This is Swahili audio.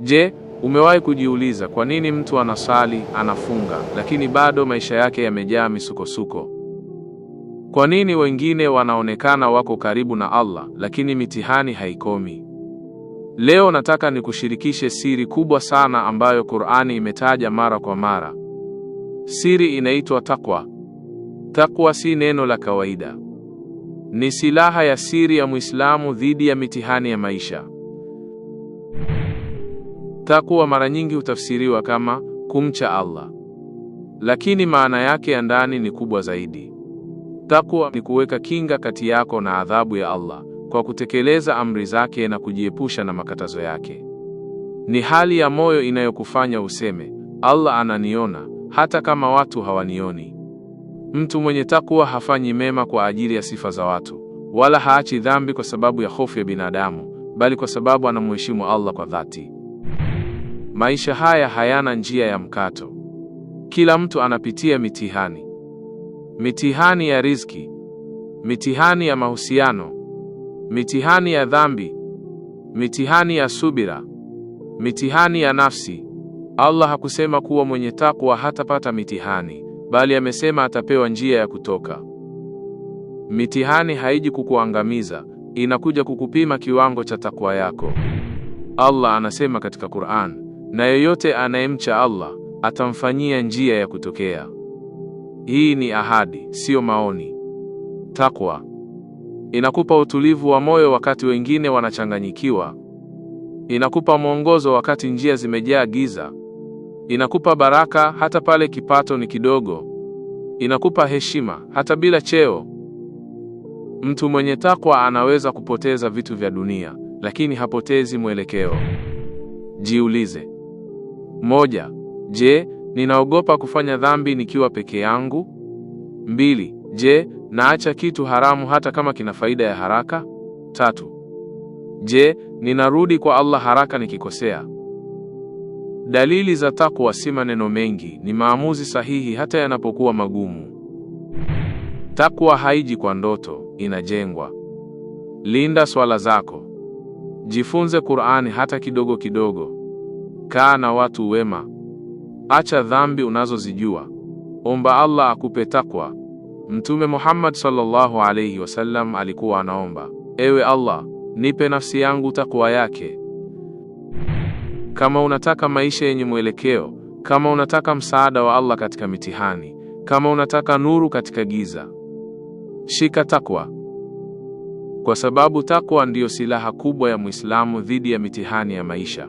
Je, umewahi kujiuliza kwa nini mtu anasali, anafunga, lakini bado maisha yake yamejaa misukosuko? Kwa nini wengine wanaonekana wako karibu na Allah, lakini mitihani haikomi? Leo nataka nikushirikishe siri kubwa sana ambayo Qur'ani imetaja mara kwa mara. Siri inaitwa takwa. Takwa si neno la kawaida. Ni silaha ya siri ya Muislamu dhidi ya mitihani ya maisha. Takwa mara nyingi hutafsiriwa kama kumcha Allah, lakini maana yake ya ndani ni kubwa zaidi. Takwa ni kuweka kinga kati yako na adhabu ya Allah kwa kutekeleza amri zake na kujiepusha na makatazo yake. Ni hali ya moyo inayokufanya useme Allah ananiona hata kama watu hawanioni. Mtu mwenye takwa hafanyi mema kwa ajili ya sifa za watu, wala haachi dhambi kwa sababu ya hofu ya binadamu, bali kwa sababu anamheshimu Allah kwa dhati. Maisha haya hayana njia ya mkato. Kila mtu anapitia mitihani, mitihani ya riziki, mitihani ya mahusiano, mitihani ya dhambi, mitihani ya subira, mitihani ya nafsi. Allah hakusema kuwa mwenye takwa hatapata mitihani, bali amesema atapewa njia ya kutoka. Mitihani haiji kukuangamiza, inakuja kukupima kiwango cha takwa yako. Allah anasema katika Qur'an na yeyote anayemcha Allah atamfanyia njia ya kutokea. Hii ni ahadi, siyo maoni. Takwa inakupa utulivu wa moyo wakati wengine wanachanganyikiwa, inakupa mwongozo wakati njia zimejaa giza, inakupa baraka hata pale kipato ni kidogo, inakupa heshima hata bila cheo. Mtu mwenye takwa anaweza kupoteza vitu vya dunia, lakini hapotezi mwelekeo. Jiulize, moja, je, ninaogopa kufanya dhambi nikiwa peke yangu? Mbili, je, naacha kitu haramu hata kama kina faida ya haraka? Tatu, je, ninarudi kwa Allah haraka nikikosea? Dalili za takwa si maneno mengi, ni maamuzi sahihi hata yanapokuwa magumu. Takwa haiji kwa ndoto, inajengwa. Linda swala zako. Jifunze Qur'ani hata kidogo kidogo. Kaa na watu wema, acha dhambi unazozijua, omba Allah akupe takwa. Mtume Muhammad sallallahu alayhi wasallam alikuwa anaomba, ewe Allah, nipe nafsi yangu takwa yake. Kama unataka maisha yenye mwelekeo, kama unataka msaada wa Allah katika mitihani, kama unataka nuru katika giza, shika takwa, kwa sababu takwa ndiyo silaha kubwa ya Muislamu dhidi ya mitihani ya maisha.